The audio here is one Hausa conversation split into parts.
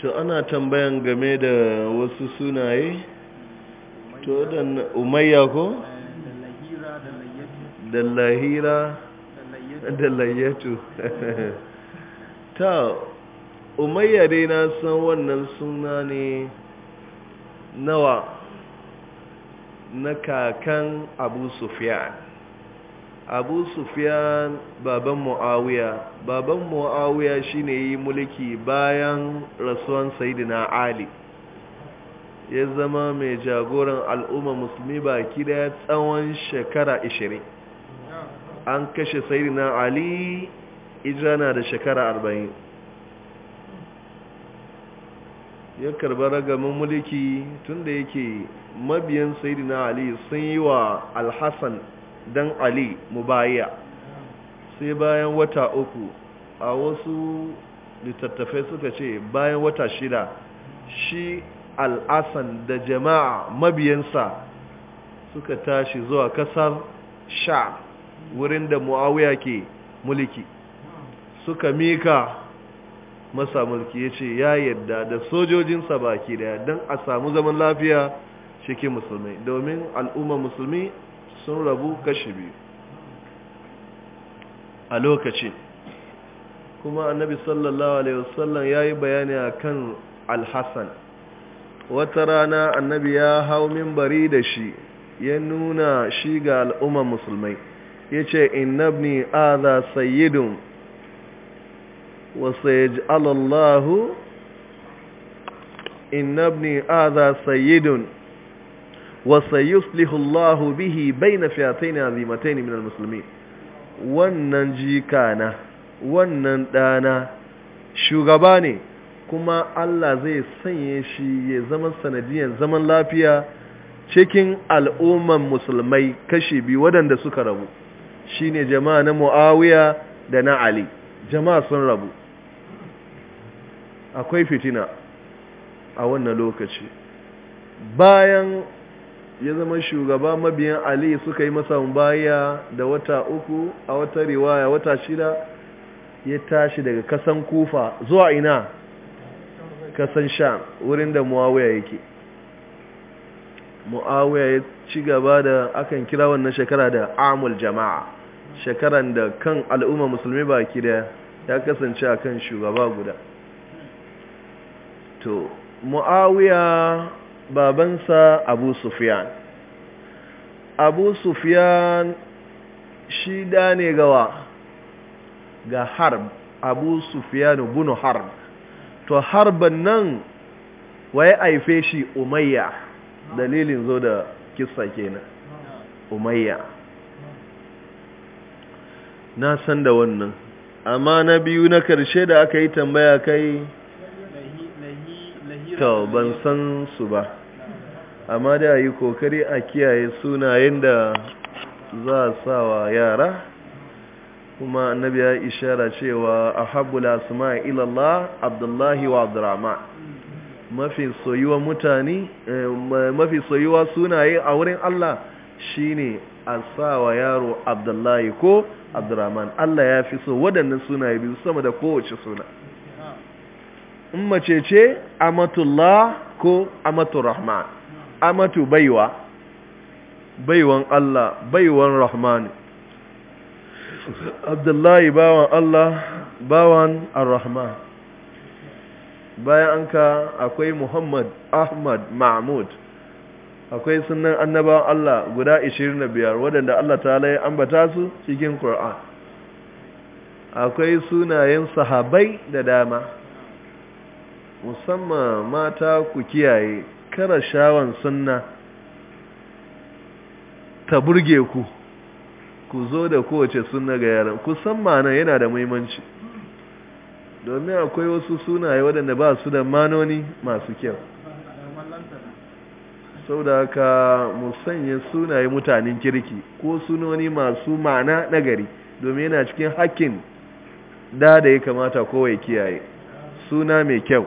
to ana tambayan game da wasu sunaye to da umayya ko da lahira da layyatu ta umayya dai na san wannan suna ne nawa na kakan abu sufyan abu sufiyan baban mu'awiya baban mu'awiya shine yi mulki bayan rasuwan sayidina ali ya zama mai jagoran al'umma musulmi baki daya tsawon shekara 20 an kashe sayidina ali ijana da shekara 40 ya karba ragamin mulki tunda yake mabiyan sayidina ali sun yi wa alhassan dan ali mubaya sai bayan wata uku a wasu littattafai suka ce bayan wata shida shi al'asan da jama'a mabiyansa suka tashi zuwa kasar sha wurin da muawiya ke mulki suka mika masa mulki ya ce ya yadda da sojojinsa baki daya don a samu zaman lafiya cikin musulmi domin al'ummar musulmi sun rabu kashi biyu a lokaci kuma annabi sallallahu alaihi wasallam ya yi bayani a kan alhassan wata rana annabi ya hau mimbari da shi ya nuna shi ga al'umman musulmai ya ce innabni aza sayyidun wasu ya ji alallahu innabni aza sayyidun وسيصلح الله به بين فئتين عظيمتين من المسلمين wannan jikana wannan ɗana shugaba ne kuma Allah zai sanye shi ya zama sanadiyan zaman lafiya cikin al'umman musulmai kashi biyu waɗanda suka rabu shine jama'a na mu'awiya da na ali jama'a sun rabu akwai fitina a wannan lokaci bayan ya zama shugaba mabiyan ali suka yi masa baya da wata uku a wata riwaya wata shida ya tashi daga kasan kufa zuwa ina kasan sha wurin da muawiya yake muawiya ya ci gaba da akan kira wannan shekara da amul jama'a shekaran da kan al'umma musulmi baki da ya kasance akan shugaba guda to muawiya babansa abu sufyan abu sufyan shi da ne gawa ga harb abu sufyan bunu harb to harban nan waye aife shi umayya dalilin zo da kissa kenan umayya na san da wannan amma na biyu na karshe da aka yi tambaya kai to ban san su ba amma da yi kokari a kiyaye sunayen da za a sa wa yara kuma annabi ya ishara cewa a asma ila Allah Abdullahi wa Abdurrahman mafi soyuwa eh, sunaye a wurin Allah shine a sa wa yaro Abdullahi ko Abdurrahman Allah ya fi so waɗannan sunaye biyu sama da kowace suna in mace ce amatullah ko amatur rahman amatu baiwa baiwan Allah baiwan rahman abdullahi bawan Allah bawan ar-rahman bayan anka akwai muhammad ahmad mahmud akwai sunan annabawan Allah guda 25 wadanda Allah ta'ala ya ambata su cikin Qur'an akwai sunayen sahabai da dama musamman mata ku kiyaye kara shawan sunna ta burge ku ku zo da kowace sunna ga yaran ku san ma'ana yana da muhimmanci domin akwai wasu sunaye waɗanda ba su da manoni masu kyau sau da haka musanye sunaye mutanen kirki ko sunoni masu ma'ana nagari domin yana cikin hakkin da da ya kamata kowai kiyaye suna mai kyau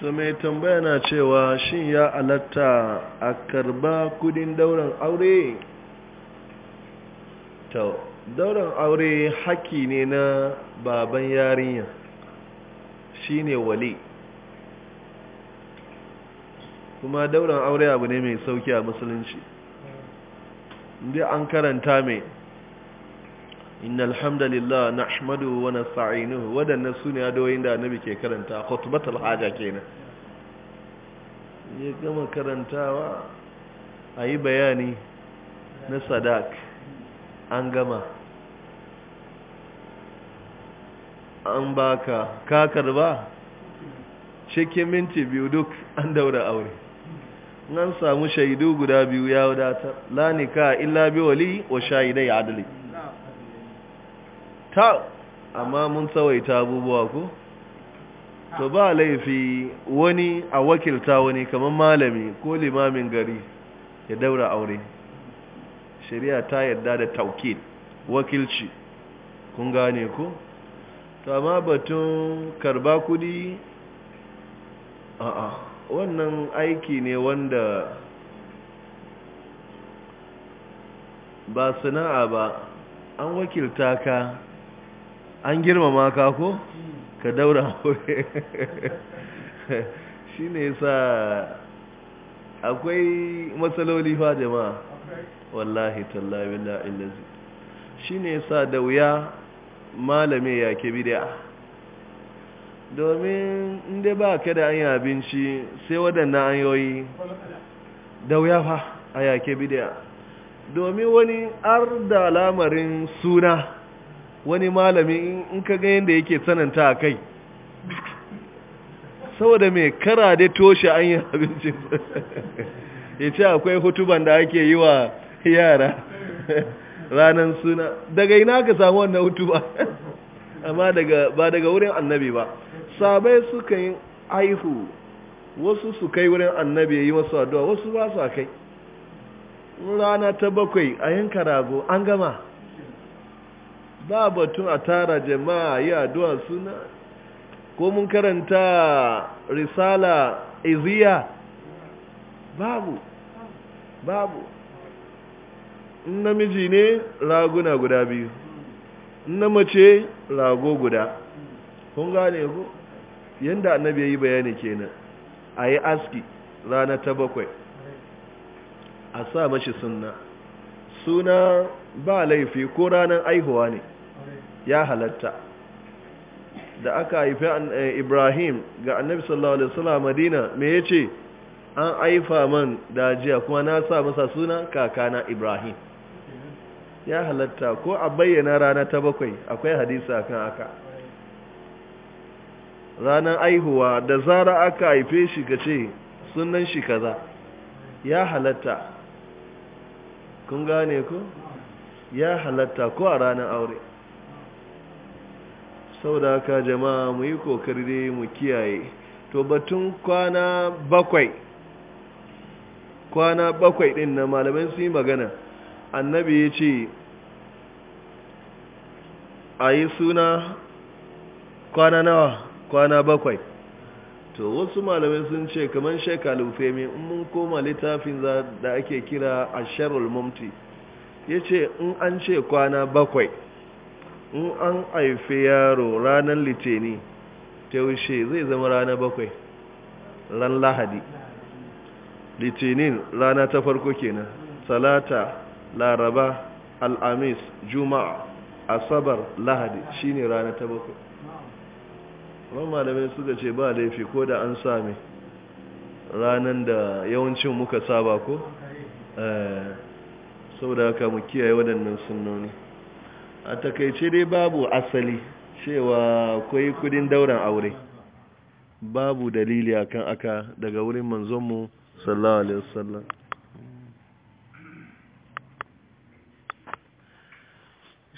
to mai tambaya na cewa shin ya alatta a karba kudin dauran aure Ta dauran aure haki ne na baban yarinya shine wali kuma dauran aure abu ne mai sauki a musulunci inda an karanta mai innal na nahmaduhu wa nasta'inuhu wadannan sunaye adawoyin da annabi ke karanta khutbatul haja kenan yake mun karantawa ayi bayani na sadak an gama an baka ka karba cikin minti biyu duk an daura aure nan samu shaidu guda biyu ya wadatar la illa bi wali wa shahidai ta amma mun tsawaita abubuwa ko to ba laifi wani a wakilta wani kamar malami ko limamin gari ya daura aure shari'a ta yarda da taukid wakilci kun gane ko Ta ma batun karba kudi a'a wannan aiki ne wanda ba sana'a ba an wakilta ka an girmama ka ko ka daura hore. shi ne sa akwai matsaloli fa jama'a wallahi tallahi billahi lazi shi ne sa da wuya malame ya ke bidiya domin inda ba ka da an yi abinci sai waɗannan yoyi da wuya fa a yake bidiya domin wani ar da lamarin suna wani malami in ka ga yadda yake tsananta a kai saboda mai kara da toshe an yi abincin ya ce akwai hutuban da ake yi wa yara ranar suna daga ina ka samu wannan hutuba amma ba daga wurin annabi ba sabai suka yi aihu wasu su kai wurin annabi ya yi masu addu'a wasu ba su kai rana ta bakwai a yanka rago an gama ba batun a tara jama'a yi addu'a suna ko mun karanta risala iziya babu babu namiji ne raguna guda biyu na mace rago guda kun gane ku yadda annabi ya yi bayani kenan a yi aski rana ta bakwai a sa mashi suna suna ba laifi ko ranar aihuwa ne ya halatta da aka haifi eh, ibrahim ga annabi sallallahu alaihi wasallam madina me ya an aifa man da jiya kuma na sa masa suna kakana ibrahim ya halatta ko a bayyana rana ta bakwai akwai hadisa kan aka ranar aihuwa da zara aka haife shi ka ce sunan shi kaza ya halatta kun gane ku ya halatta ko a ranar aure saboda haka jama'a mu yi kokari dai mu kiyaye to batun kwana bakwai kwana bakwai din na malamai sun yi magana annabi ya ce a yi suna kwana nawa kwana bakwai to wasu malamai sun ce kamar shekalu femi in mun koma littafin da ake kira a sharul mumti ya ce in an ce kwana bakwai in an haifi yaro ranar litini ta wuce zai zama rana bakwai ran lahadi litinin rana ta farko kenan Salata laraba al'amis juma'a asabar lahadi shine rana ta bakwai ran malamai suka ce ba laifi ko da an sami ranar da yawancin muka saba ko eh, saboda haka mu kiyaye waɗannan sunnoni a takaice dai babu asali cewa kwai kudin dauran aure babu dalili akan aka daga wurin manzonmu sallallahu alaihi wasallam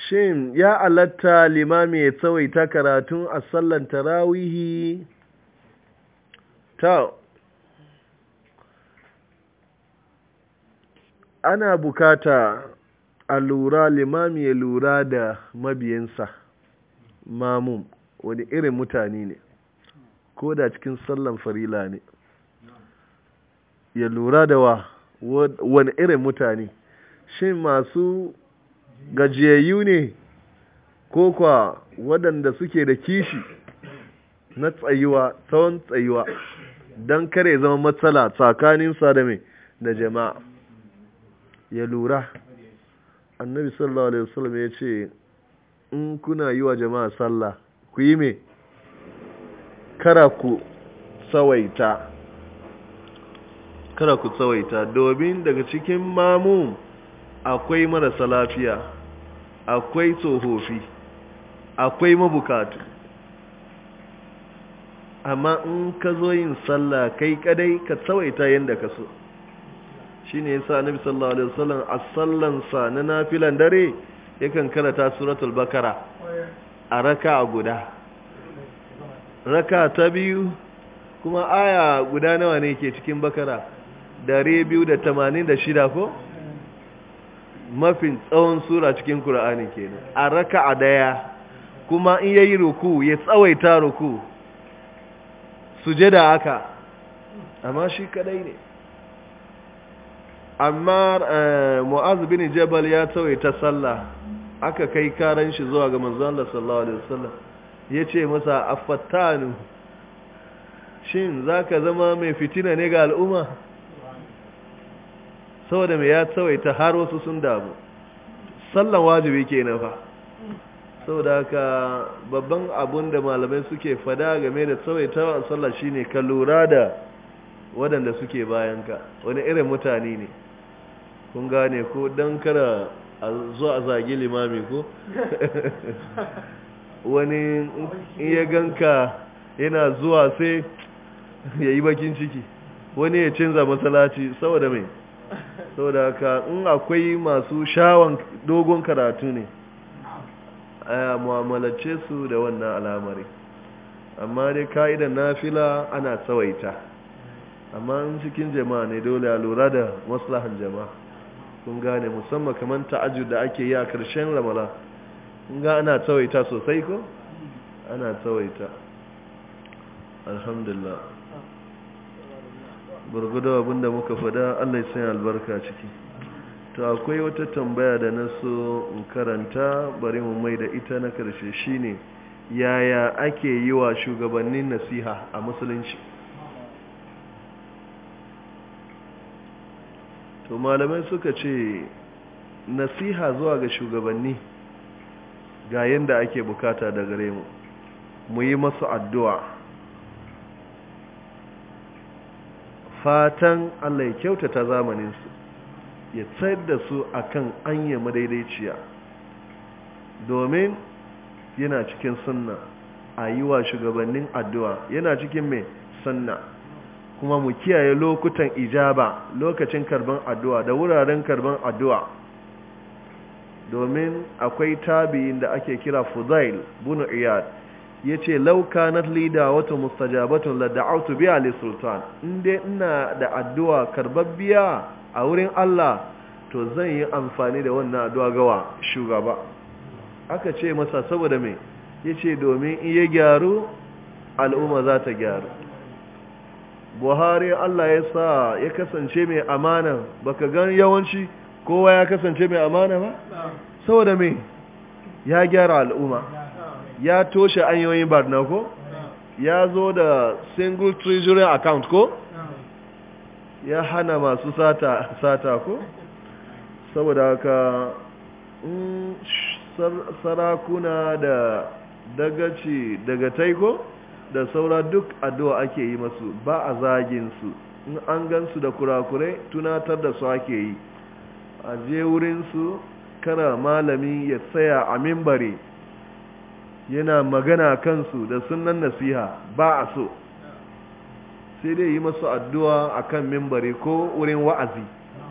shin ya alatta limami ya tsawaita karatun a sallan tarawihi ta ana bukata a lura limami ya lura da mabiyansa mamun wani irin mutane ne ko da cikin sallan farila ne ya lura da wa wani irin mutane shi masu gajiyayyu ne ko kwa waɗanda suke da kishi na tsayuwa tsawon tsayuwa don kare zama matsala tsakaninsa da da jama'a ya lura annabi sallallahu alaihi wasallam ya ce in kuna yi wa jama'a sallah ku yi me kara ku tsawaita kara ku tsawaita domin daga cikin mamu akwai marasa lafiya akwai tsohofi akwai mabukatu amma in ka zo yin sallah kai kadai ka tsawaita yadda ka so ne yasa annabi sallallahu alaihi wasallam a sallan sa na nafilan dare yakan karanta suratul bakara a raka guda raka ta biyu kuma aya guda nawa ne ke cikin bakara dare biyu da tamanin da shida ko mafin tsawon sura cikin kur'ani kenan a raka a daya kuma in yayi ruku ya tsawaita ruku sujada haka amma shi kadai ne amma eh, mu'az bin jabal ya tsawaye ta sallah aka kai karan shi zuwa ga manzon Allah sallallahu alaihi wasallam yace masa affatanu shin zaka zama mai fitina ne ga al'umma saboda mai ya tsawaye ta har wasu sun damu sallan wajibi kenan fa saboda haka babban abun da malamai suke fada game da tsawaye ta sallah shine ka lura da waɗanda suke bayanka wani irin mutane ne kun gane ko dan kara zo a zagi limami ko wani iya ganka yana zuwa sai ya yi bakin ciki wani ya canza matsalaci saboda mai saboda haka in akwai masu shawon dogon karatu ne a mu'amalace su da wannan al'amari amma dai ka'idan nafila ana tsawaita amma cikin jama'a ne dole a lura da maslahan jama'a kun gane musamman kamar ta'ajjud da ake yi a ƙarshen ramala kun ga ana tsawaita sosai ko ana tsawaita alhamdulillah burgudu abinda muka fada Allah ya sanya albarka ciki to akwai wata tambaya da na so in karanta bari mu mai da ita na karshe shine yaya ake yi wa shugabannin nasiha a musulunci to malamai suka ce nasiha zuwa ga shugabanni ga yadda ake bukata da gare mu mu yi masu addu'a fatan allah ya kyautata zamaninsu ya tsayar da su akan anya madaidaiciya domin yana cikin sunna a yi wa shugabannin addu'a yana cikin mai sunna kuma mu kiyaye lokutan ijaba lokacin karban addu'a da wuraren karban addu'a domin akwai tabi'in da ake kira fudail bunu iyad ya ce laukanat lida wata mustajabatun lada'autu biya li sultan inda ina da addu'a karbabbiya a wurin Allah to zan yi amfani da wannan addu'a gawa shugaba aka ce masa saboda mai ya ce domin iya gyaru al'umma za ta gyaru buhari allah ya sa ya kasance mai amana baka gan yawanci kowa ya kasance mai amana ba saboda me ya gyara al'umma ya toshe anyoyin barna ko ya zo da single treasury account ko ya hana masu sata, sata ko saboda ka sarakuna da dagaci daga taiko da saura duk addu'a ake yi masu ba a zagin in an gansu da kurakurai tunatar da su ake yi a je su, kana malami ya tsaya a mimbari yana magana kansu da sunan nasiha ba a so sai dai yi masu addu'a a kan mimbari ko wurin wa'azi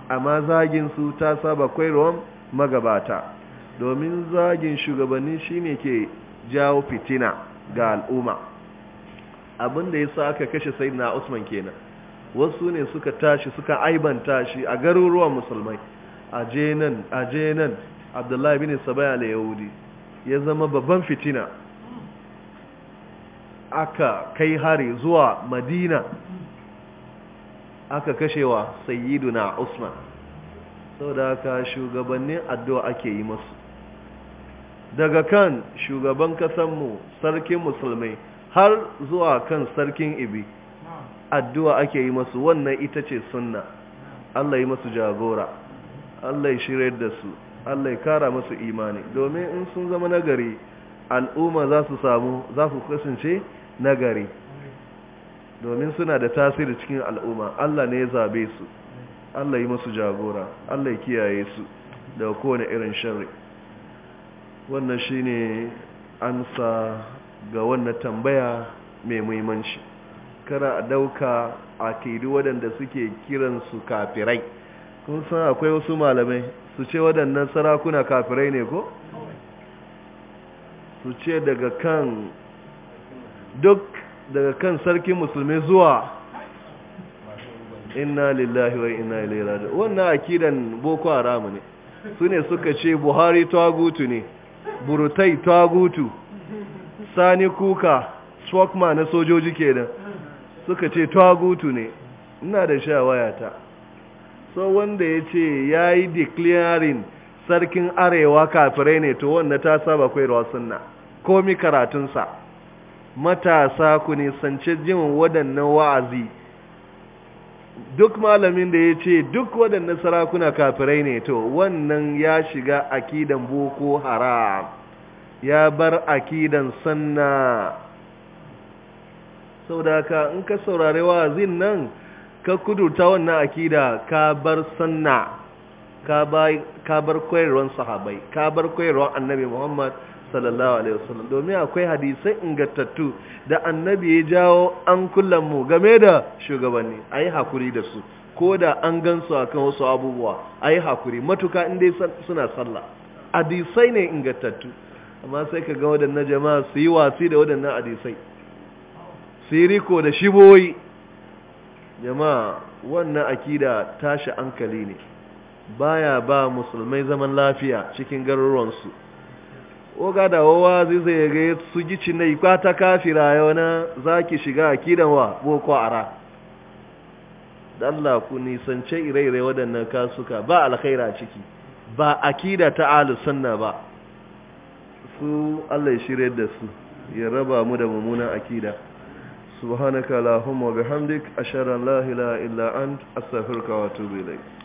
amma su ta saba kwairon magabata domin zagin shugabanni shine ke jawo fitina ga al'umma abin da ya sa aka kashe na usman kenan wasu ne suka tashi suka aibanta shi a garuruwan musulmai a jenan a abdullahi bin sabaya da yahudi ya zama babban fitina aka kai hari zuwa madina aka kashewa na usman saboda haka shugabannin addu'a ake yi musu, daga kan shugaban kasanmu sarkin musulmai har zuwa kan sarkin ibi addu'a ake yi masu wannan ita ce sunna Allah yi masu jagora Allah yi shirar da su Allah yi kara masu imani domin in sun zama nagari al'umma za su samu za su kasance nagari domin suna da tasiri cikin al'umma Allah ne ya zabe su Allah yi masu jagora Allah yi kiyaye su daga kowane irin shari wannan shi ne ansa ga wannan tambaya mai muhimmanci Kana a dauka a kiri waɗanda suke kiransu kafirai kun san akwai wasu malamai su ce waɗannan sarakuna kafirai ne ko su ce daga kan duk daga kan sarki musulmi zuwa inna lillahi wa inna ilaihi raji'un wannan akidan boko haram ne su ne suka ce buhari tagutu ne burutai tagutu sani kuka swakma na sojoji kenan suka ce tagutu ne ina da sha wayata so wanda ya ce ya yi declaring sarkin arewa kafirai ne to wanda ta saba kwayarwa sunna komi karatunsa matasa ku ne sance jin waɗannan wa'azi duk malamin da ya ce duk waɗannan sarakuna kafirai ne to wannan ya shiga akidan boko haram ya bar akidan sanna sau da ka in ka saurari zin nan ka kudurta wannan akida ka bar sanna ka bar koyarwar sahabai ka bar koyarwar annabi muhammad sallallahu alaihi wasallam domin akwai hadisai ingantattu da annabi ya jawo an mu game da shugabanni a yi hakuri da su ko da an gansu a kan wasu abubuwa a yi hakuri matuka inda suna sallah hadisai ne ingantattu amma sai ka ga waɗannan jama'a su yi watsi da waɗannan hadisai su yi riko da shiboyi jama'a wannan akida tashi hankali ne baya ba musulmai zaman lafiya cikin garuruwansu oga da wawa zai zai ga su gici na ta kafira na za ki shiga akidan wa boko ara Allah ku nisance ire-ire waɗannan kasuka ba alkhaira ciki ba akida ta sunna ba su Allah ya shirye da su ya raba mu da mummunan akida subhanaka allahumma bihamdik ashhadu an la ilaha illa ant astaghfiruka wa atubu ilayk